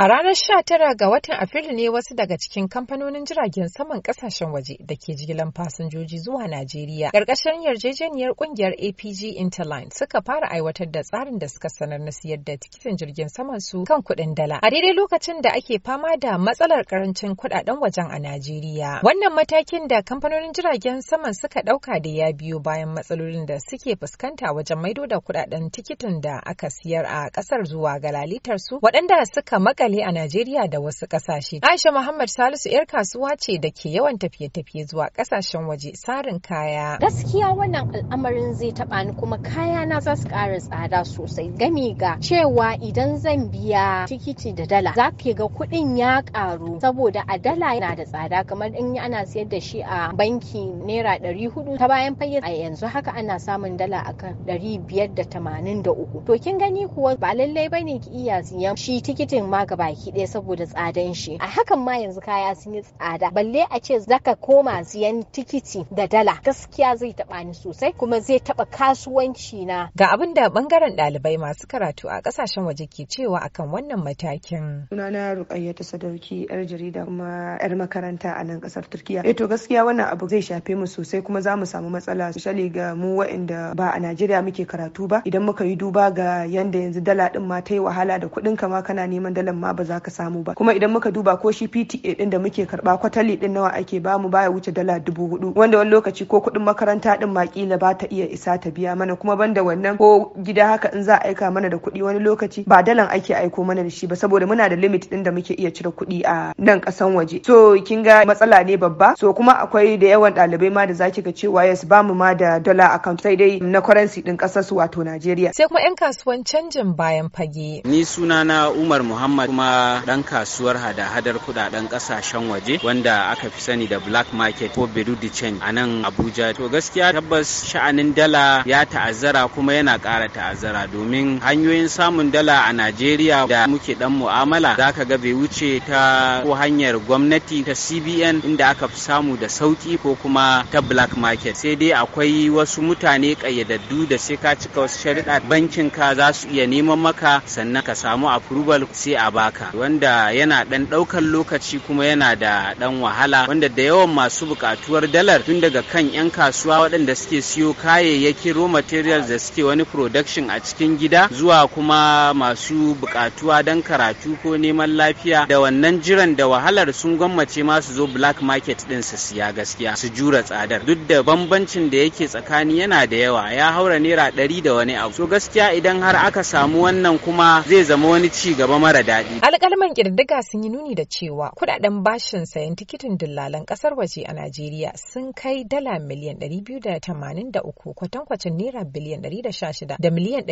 A ranar 19 ga watan Afrilu ne wasu daga cikin kamfanonin jiragen saman kasashen waje da ke jigilan fasinjoji zuwa Najeriya Karkashin yarjejeniyar kungiyar APG Interline suka fara aiwatar da tsarin da suka sanar na siyar da tikitin jirgin saman su kan kuɗin dala. A daidai lokacin da ake fama da matsalar karancin kuɗaɗen wajen a Najeriya. Wannan matakin da kamfanonin jiragen saman suka ɗauka da ya biyo bayan matsalolin da suke fuskanta wajen maido da kuɗaɗen tikitin da aka siyar a ƙasar zuwa ga lalitar su waɗanda suka makale hankali a Najeriya da wasu ƙasashe. Aisha Muhammad Salisu 'yar kasuwa ce da ke yawan tafiye-tafiye zuwa ƙasashen waje sarin kaya. Gaskiya wannan al'amarin zai taɓa ni kuma kayana na za su ƙara tsada sosai gami ga cewa idan zan biya tikiti da dala za ke ga kuɗin ya ƙaru saboda a dala yana da tsada kamar in ana sayar da shi a banki naira ɗari hudu ta bayan fayyi a yanzu haka ana samun dala akan ɗari biyar da tamanin da uku. To kin gani kuwa ba lallai bane ki iya siyan shi tikitin ma gaba baki ɗaya saboda tsadan shi a hakan ma yanzu kaya sun yi tsada balle a ce zaka koma siyan tikiti da dala gaskiya zai taɓa ni sosai kuma zai taɓa kasuwanci na ga abin da bangaren ɗalibai masu karatu a ƙasashen waje ke cewa akan wannan matakin sunana rukayya ta sadauki yar jarida kuma yar makaranta a nan ƙasar turkiya eh to gaskiya wannan abu zai shafe mu sosai kuma za mu samu matsala shali ga mu waɗanda ba a najeriya muke karatu ba idan muka yi duba ga yanda yanzu dala ɗin ma ta yi wahala da kuɗin kama kana neman dalar ma ba za ka samu ba kuma idan muka duba ko shi PTA din da muke karba kwatali din nawa ake bamu baya wuce dala dubu hudu wanda wani lokaci ko kudin makaranta din ma kila ba ta iya isa ta biya mana kuma banda wannan ko gida haka in za a aika mana da kuɗi wani lokaci ba dalan ake aiko mana da shi ba saboda muna da limit din da muke iya cire kuɗi a nan kasan waje so kin ga matsala ne babba so kuma akwai da yawan ɗalibai ma da zaki ga cewa yes bamu ma da dala account sai dai na currency din ƙasar su wato Najeriya sai kuma 'yan kasuwan canjin bayan fage ni sunana Umar Muhammad kuma dan kasuwar hada-hadar kudaden kasashen waje wanda aka fi sani da black market ko berudi chain a nan abuja to gaskiya tabbas sha'anin dala ya ta'azzara kuma yana ƙara ta'azzara domin hanyoyin samun dala a najeriya da muke dan mu'amala Za ka ga bai wuce ta ko hanyar gwamnati ta cbn inda aka fi samu da sauki ko kuma ta black market sai dai akwai wasu mutane kayyadaddu da sai ka cika wasu shari'a bankin ka za su iya neman maka sannan ka samu approval sai a ba baka wanda yana dan daukan lokaci kuma yana da dan wahala wanda da yawan masu bukatuwar dalar tun daga kan 'yan kasuwa waɗanda suke siyo kayayyaki raw materials da suke wani production a cikin gida zuwa kuma masu bukatuwa dan karatu ko neman lafiya da wannan jiran da wahalar sun gwammace ma su zo black market din su siya gaskiya su jura tsadar duk da bambancin da yake tsakani yana da yawa ya haura naira ɗari da wani abu so gaskiya idan har aka samu wannan kuma zai zama wani ci gaba mara daɗi Alƙalman ƙirdiga sun yi nuni da cewa kuɗaɗen bashin sayan tikitin dillalan ƙasar waje a Najeriya sun kai dala miliyan ɗari biyu da 283 kwatankwacin naira biliyan 116 da miliyan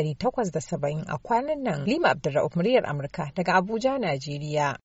saba'in a kwanan nan. Lima Abdulrahman muryar Amurka daga Abuja, Najeriya.